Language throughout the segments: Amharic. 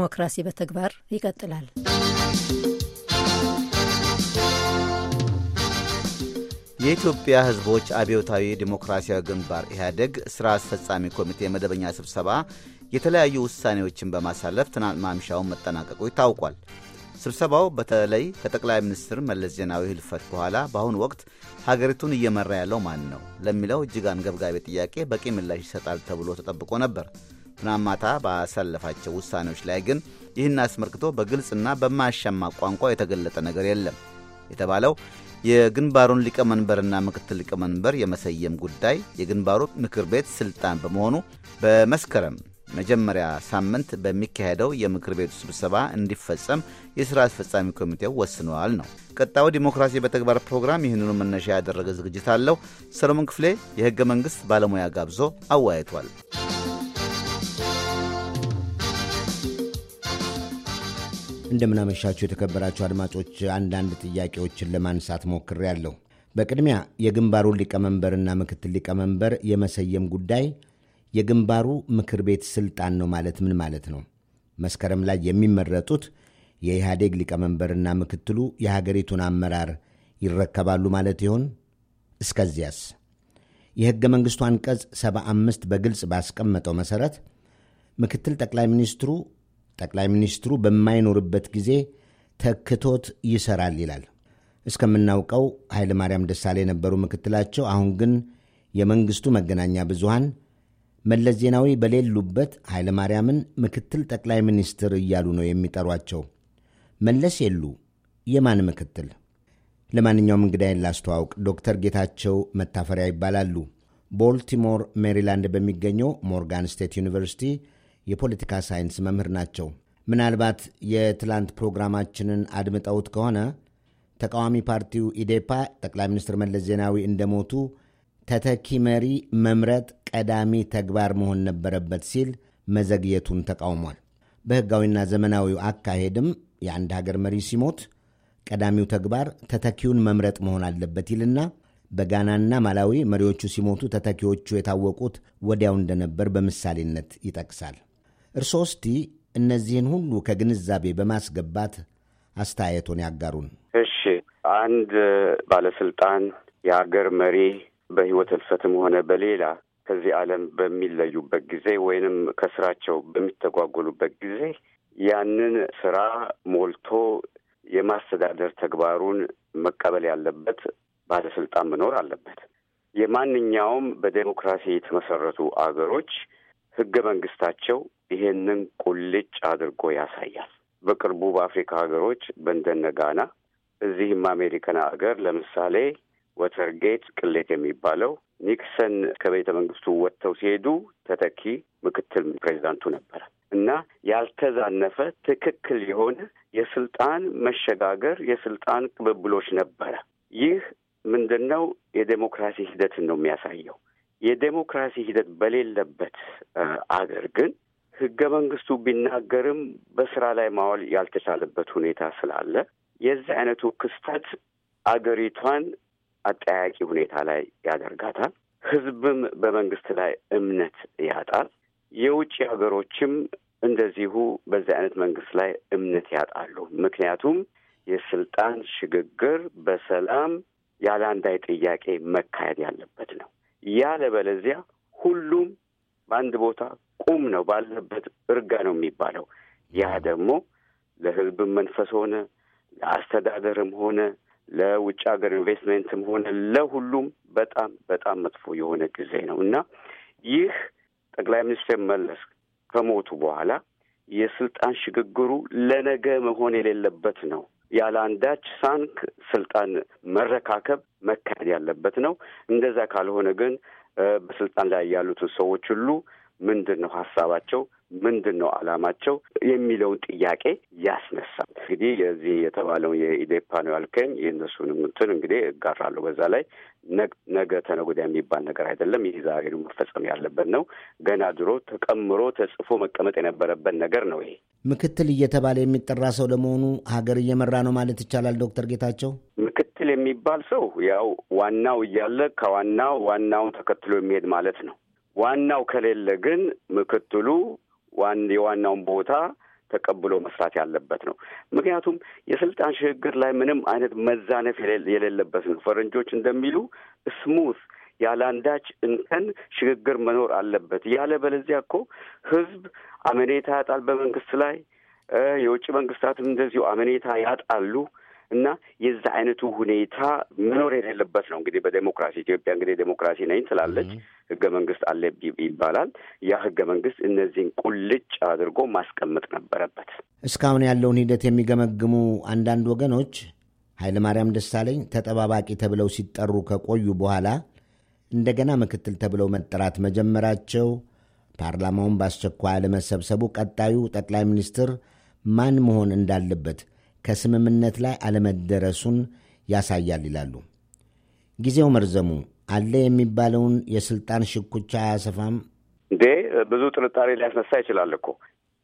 ዲሞክራሲ በተግባር ይቀጥላል። የኢትዮጵያ ሕዝቦች አብዮታዊ ዲሞክራሲያዊ ግንባር ኢህአደግ ሥራ አስፈጻሚ ኮሚቴ መደበኛ ስብሰባ የተለያዩ ውሳኔዎችን በማሳለፍ ትናንት ማምሻውን መጠናቀቁ ይታውቋል። ስብሰባው በተለይ ከጠቅላይ ሚኒስትር መለስ ዜናዊ ህልፈት በኋላ በአሁኑ ወቅት ሀገሪቱን እየመራ ያለው ማን ነው ለሚለው እጅግ አንገብጋቢ ጥያቄ በቂ ምላሽ ይሰጣል ተብሎ ተጠብቆ ነበር። ትናንት ማታ ባሳለፋቸው ውሳኔዎች ላይ ግን ይህን አስመልክቶ በግልጽና በማያሻማ ቋንቋ የተገለጠ ነገር የለም። የተባለው የግንባሩን ሊቀመንበርና ምክትል ሊቀመንበር የመሰየም ጉዳይ የግንባሩ ምክር ቤት ስልጣን በመሆኑ በመስከረም መጀመሪያ ሳምንት በሚካሄደው የምክር ቤቱ ስብሰባ እንዲፈጸም የሥራ አስፈጻሚ ኮሚቴው ወስነዋል ነው። ቀጣዩ ዲሞክራሲ በተግባር ፕሮግራም ይህንኑ መነሻ ያደረገ ዝግጅት አለው። ሰሎሞን ክፍሌ የሕገ መንግሥት ባለሙያ ጋብዞ አወያይቷል። እንደምናመሻችሁ የተከበራችሁ አድማጮች፣ አንዳንድ ጥያቄዎችን ለማንሳት ሞክሬያለሁ። በቅድሚያ የግንባሩን ሊቀመንበርና ምክትል ሊቀመንበር የመሰየም ጉዳይ የግንባሩ ምክር ቤት ስልጣን ነው ማለት ምን ማለት ነው? መስከረም ላይ የሚመረጡት የኢህአዴግ ሊቀመንበርና ምክትሉ የሀገሪቱን አመራር ይረከባሉ ማለት ይሆን? እስከዚያስ የሕገ መንግሥቱ አንቀጽ 75 በግልጽ ባስቀመጠው መሠረት ምክትል ጠቅላይ ሚኒስትሩ ጠቅላይ ሚኒስትሩ በማይኖርበት ጊዜ ተክቶት ይሰራል ይላል። እስከምናውቀው ኃይለማርያም ደሳሌ የነበሩ ምክትላቸው፣ አሁን ግን የመንግስቱ መገናኛ ብዙሃን መለስ ዜናዊ በሌሉበት ማርያምን ምክትል ጠቅላይ ሚኒስትር እያሉ ነው የሚጠሯቸው። መለስ የሉ፣ የማን ምክትል? ለማንኛውም እንግዳይን ላስተዋውቅ። ዶክተር ጌታቸው መታፈሪያ ይባላሉ። ቦልቲሞር ሜሪላንድ በሚገኘው ሞርጋን ስቴት ዩኒቨርሲቲ የፖለቲካ ሳይንስ መምህር ናቸው። ምናልባት የትላንት ፕሮግራማችንን አድምጠውት ከሆነ ተቃዋሚ ፓርቲው ኢዴፓ ጠቅላይ ሚኒስትር መለስ ዜናዊ እንደሞቱ ተተኪ መሪ መምረጥ ቀዳሚ ተግባር መሆን ነበረበት ሲል መዘግየቱን ተቃውሟል። በሕጋዊና ዘመናዊው አካሄድም የአንድ ሀገር መሪ ሲሞት ቀዳሚው ተግባር ተተኪውን መምረጥ መሆን አለበት ይልና በጋናና ማላዊ መሪዎቹ ሲሞቱ ተተኪዎቹ የታወቁት ወዲያው እንደነበር በምሳሌነት ይጠቅሳል። እርስዎ እስቲ እነዚህን ሁሉ ከግንዛቤ በማስገባት አስተያየቶን ያጋሩን። እሺ፣ አንድ ባለስልጣን የሀገር መሪ በህይወት ህልፈትም ሆነ በሌላ ከዚህ ዓለም በሚለዩበት ጊዜ ወይንም ከስራቸው በሚተጓጎሉበት ጊዜ ያንን ስራ ሞልቶ የማስተዳደር ተግባሩን መቀበል ያለበት ባለስልጣን መኖር አለበት። የማንኛውም በዴሞክራሲ የተመሰረቱ አገሮች ህገ መንግስታቸው ይሄንን ቁልጭ አድርጎ ያሳያል። በቅርቡ በአፍሪካ ሀገሮች በእንደነ ጋና፣ እዚህም አሜሪካን ሀገር ለምሳሌ ወተርጌት ቅሌት የሚባለው ኒክሰን ከቤተ መንግስቱ ወጥተው ሲሄዱ ተተኪ ምክትል ፕሬዚዳንቱ ነበረ እና ያልተዛነፈ ትክክል የሆነ የስልጣን መሸጋገር የስልጣን ቅብብሎች ነበረ። ይህ ምንድን ነው? የዴሞክራሲ ሂደትን ነው የሚያሳየው። የዴሞክራሲ ሂደት በሌለበት አገር ግን ህገ መንግስቱ ቢናገርም በስራ ላይ ማዋል ያልተቻለበት ሁኔታ ስላለ የዚህ አይነቱ ክስተት አገሪቷን አጠያቂ ሁኔታ ላይ ያደርጋታል። ህዝብም በመንግስት ላይ እምነት ያጣል። የውጭ ሀገሮችም እንደዚሁ በዚህ አይነት መንግስት ላይ እምነት ያጣሉ። ምክንያቱም የስልጣን ሽግግር በሰላም ያለ ጥያቄ መካሄድ ያለበት ነው። ያለበለዚያ ሁሉም በአንድ ቦታ ቁም ነው ባለበት እርጋ ነው የሚባለው። ያ ደግሞ ለህዝብ መንፈስ ሆነ ለአስተዳደርም ሆነ ለውጭ ሀገር ኢንቨስትመንትም ሆነ ለሁሉም በጣም በጣም መጥፎ የሆነ ጊዜ ነው እና ይህ ጠቅላይ ሚኒስትር መለስ ከሞቱ በኋላ የስልጣን ሽግግሩ ለነገ መሆን የሌለበት ነው። ያለ አንዳች ሳንክ ስልጣን መረካከብ መካሄድ ያለበት ነው። እንደዛ ካልሆነ ግን በስልጣን ላይ ያሉትን ሰዎች ሁሉ ምንድን ነው ሀሳባቸው፣ ምንድን ነው አላማቸው የሚለውን ጥያቄ ያስነሳል። እንግዲህ የዚህ የተባለው የኢዴፓ ነው ያልከኝ የእነሱንም ምትን እንግዲህ እጋራለሁ። በዛ ላይ ነገ ተነጎዳ የሚባል ነገር አይደለም። ይህ ዛሬ መፈጸም ያለበት ነው። ገና ድሮ ተቀምሮ ተጽፎ መቀመጥ የነበረበት ነገር ነው። ይሄ ምክትል እየተባለ የሚጠራ ሰው ለመሆኑ ሀገር እየመራ ነው ማለት ይቻላል። ዶክተር ጌታቸው ምክትል የሚባል ሰው ያው ዋናው እያለ ከዋናው ዋናውን ተከትሎ የሚሄድ ማለት ነው። ዋናው ከሌለ ግን ምክትሉ የዋናውን ቦታ ተቀብሎ መስራት ያለበት ነው። ምክንያቱም የስልጣን ሽግግር ላይ ምንም አይነት መዛነፍ የሌለበት ነው። ፈረንጆች እንደሚሉ ስሙዝ ያለ አንዳች እንከን ሽግግር መኖር አለበት። ያለ በለዚያ እኮ ህዝብ አመኔታ ያጣል በመንግስት ላይ የውጭ መንግስታትም እንደዚሁ አመኔታ ያጣሉ። እና የዛ አይነቱ ሁኔታ መኖር የሌለበት ነው። እንግዲህ በዴሞክራሲ ኢትዮጵያ እንግዲህ ዴሞክራሲ ነኝ ትላለች፣ ህገ መንግስት አለ ይባላል። ያ ህገ መንግስት እነዚህን ቁልጭ አድርጎ ማስቀመጥ ነበረበት። እስካሁን ያለውን ሂደት የሚገመግሙ አንዳንድ ወገኖች ኃይለማርያም ደሳለኝ ተጠባባቂ ተብለው ሲጠሩ ከቆዩ በኋላ እንደገና ምክትል ተብለው መጠራት መጀመራቸው ፓርላማውን በአስቸኳይ አለመሰብሰቡ ቀጣዩ ጠቅላይ ሚኒስትር ማን መሆን እንዳለበት ከስምምነት ላይ አለመደረሱን ያሳያል ይላሉ። ጊዜው መርዘሙ አለ የሚባለውን የስልጣን ሽኩቻ አያሰፋም እንዴ? ብዙ ጥርጣሬ ሊያስነሳ ይችላል እኮ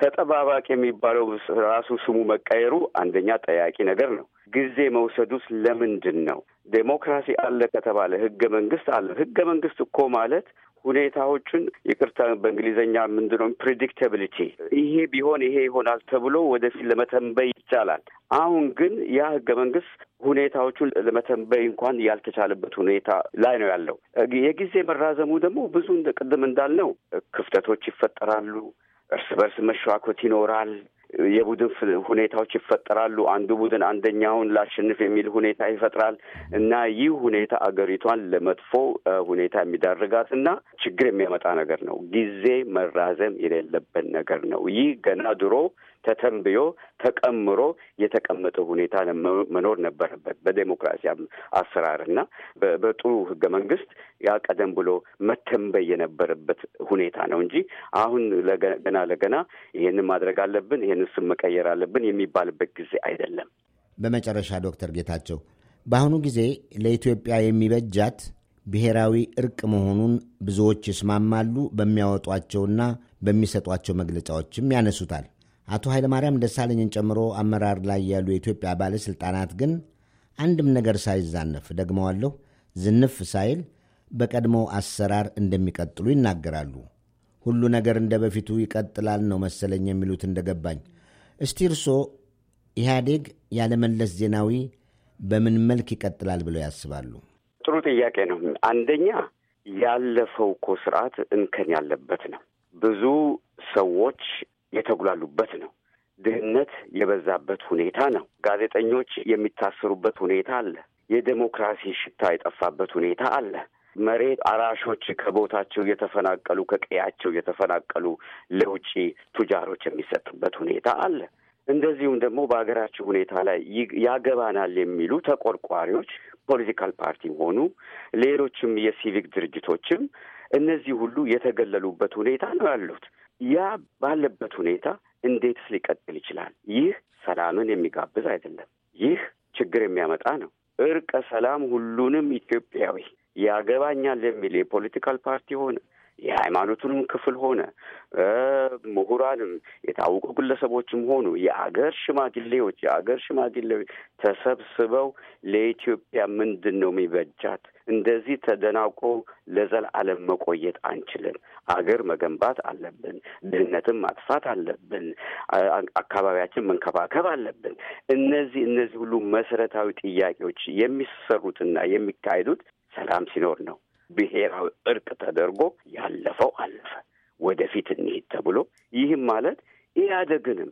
ተጠባባቂ የሚባለው ራሱ ስሙ መቀየሩ አንደኛ ጠያቂ ነገር ነው። ጊዜ መውሰዱስ ለምንድን ነው? ዴሞክራሲ አለ ከተባለ ህገ መንግስት አለ። ህገ መንግስት እኮ ማለት ሁኔታዎችን ይቅርታ፣ በእንግሊዝኛ ምንድን ፕሬዲክታብሊቲ፣ ይሄ ቢሆን ይሄ ይሆናል ተብሎ ወደፊት ለመተንበይ ይቻላል። አሁን ግን ያ ህገ መንግስት ሁኔታዎቹን ለመተንበይ እንኳን ያልተቻለበት ሁኔታ ላይ ነው ያለው። የጊዜ መራዘሙ ደግሞ ብዙ ቅድም እንዳልነው ክፍተቶች ይፈጠራሉ። እርስ በርስ መሸዋኮት ይኖራል። የቡድን ሁኔታዎች ይፈጠራሉ። አንዱ ቡድን አንደኛውን ላሸንፍ የሚል ሁኔታ ይፈጥራል እና ይህ ሁኔታ አገሪቷን ለመጥፎ ሁኔታ የሚዳርጋት እና ችግር የሚያመጣ ነገር ነው። ጊዜ መራዘም የሌለበት ነገር ነው። ይህ ገና ድሮ ተተንብዮ ተቀምሮ የተቀመጠ ሁኔታ መኖር ነበረበት። በዴሞክራሲ አሰራር እና በጥሩ ህገ መንግስት ያ ቀደም ብሎ መተንበይ የነበረበት ሁኔታ ነው እንጂ አሁን ለገና ለገና ይህንን ማድረግ አለብን፣ ይህን ስም መቀየር አለብን የሚባልበት ጊዜ አይደለም። በመጨረሻ ዶክተር ጌታቸው በአሁኑ ጊዜ ለኢትዮጵያ የሚበጃት ብሔራዊ እርቅ መሆኑን ብዙዎች ይስማማሉ። በሚያወጧቸውና በሚሰጧቸው መግለጫዎችም ያነሱታል። አቶ ኃይለማርያም ደሳለኝን ጨምሮ አመራር ላይ ያሉ የኢትዮጵያ ባለሥልጣናት ግን አንድም ነገር ሳይዛነፍ ደግመዋለሁ፣ ዝንፍ ሳይል በቀድሞው አሰራር እንደሚቀጥሉ ይናገራሉ። ሁሉ ነገር እንደ በፊቱ ይቀጥላል ነው መሰለኝ የሚሉት እንደገባኝ። እስቲ እርሶ ኢህአዴግ ያለመለስ ዜናዊ በምን መልክ ይቀጥላል ብለው ያስባሉ? ጥሩ ጥያቄ ነው። አንደኛ ያለፈው እኮ ስርዓት እንከን ያለበት ነው። ብዙ ሰዎች የተጉላሉበት ነው። ድህነት የበዛበት ሁኔታ ነው። ጋዜጠኞች የሚታሰሩበት ሁኔታ አለ። የዴሞክራሲ ሽታ የጠፋበት ሁኔታ አለ። መሬት አራሾች ከቦታቸው የተፈናቀሉ ከቀያቸው የተፈናቀሉ ለውጭ ቱጃሮች የሚሰጡበት ሁኔታ አለ። እንደዚሁም ደግሞ በሀገራችን ሁኔታ ላይ ያገባናል የሚሉ ተቆርቋሪዎች ፖለቲካል ፓርቲ ሆኑ ሌሎችም የሲቪክ ድርጅቶችም እነዚህ ሁሉ የተገለሉበት ሁኔታ ነው ያሉት። ያ ባለበት ሁኔታ እንዴትስ ሊቀጥል ይችላል? ይህ ሰላምን የሚጋብዝ አይደለም። ይህ ችግር የሚያመጣ ነው። እርቀ ሰላም ሁሉንም ኢትዮጵያዊ ያገባኛል የሚል የፖለቲካል ፓርቲ ሆነ የሃይማኖቱንም ክፍል ሆነ ምሁራንም የታወቁ ግለሰቦችም ሆኑ የአገር ሽማግሌዎች የአገር ሽማግሌዎች ተሰብስበው ለኢትዮጵያ ምንድን ነው የሚበጃት? እንደዚህ ተደናቆ ለዘላለም መቆየት አንችልም። አገር መገንባት አለብን። ድህነትን ማጥፋት አለብን። አካባቢያችን መንከባከብ አለብን። እነዚህ እነዚህ ሁሉ መሰረታዊ ጥያቄዎች የሚሰሩትና የሚካሄዱት ሰላም ሲኖር ነው። ብሔራዊ እርቅ ተደርጎ ያለፈው አለፈ፣ ወደፊት እንሄድ ተብሎ ይህም ማለት ኢህአዴግንም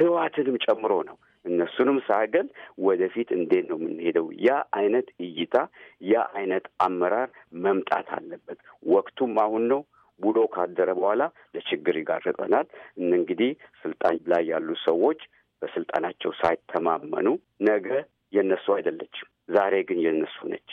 ህዋትንም ጨምሮ ነው። እነሱንም ሳገል ወደፊት እንዴት ነው የምንሄደው? ያ አይነት እይታ ያ አይነት አመራር መምጣት አለበት። ወቅቱም አሁን ነው። ውሎ ካደረ በኋላ ለችግር ይጋርጠናል። እንግዲህ ስልጣን ላይ ያሉ ሰዎች በስልጣናቸው ሳይተማመኑ ነገ የነሱ አይደለችም፣ ዛሬ ግን የነሱ ነች።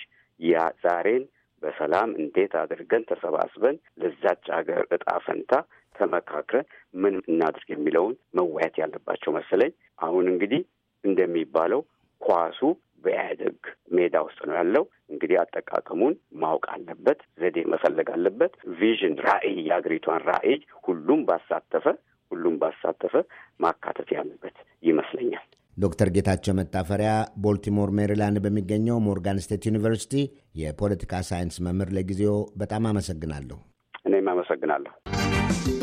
ያ ዛሬን በሰላም እንዴት አድርገን ተሰባስበን ለዛች ሀገር እጣ ፈንታ ተመካክረን ምን እናድርግ የሚለውን መወያየት ያለባቸው መሰለኝ። አሁን እንግዲህ እንደሚባለው ኳሱ በኢህአዴግ ሜዳ ውስጥ ነው ያለው። እንግዲህ አጠቃቀሙን ማወቅ አለበት፣ ዘዴ መፈለግ አለበት። ቪዥን ራዕይ፣ የአገሪቷን ራዕይ ሁሉም ባሳተፈ ሁሉም ባሳተፈ ማካተት ያለበት ይመስለኛል። ዶክተር ጌታቸው መታፈሪያ ቦልቲሞር ሜሪላንድ በሚገኘው ሞርጋን ስቴት ዩኒቨርሲቲ የፖለቲካ ሳይንስ መምህር፣ ለጊዜው በጣም አመሰግናለሁ። እኔም አመሰግናለሁ።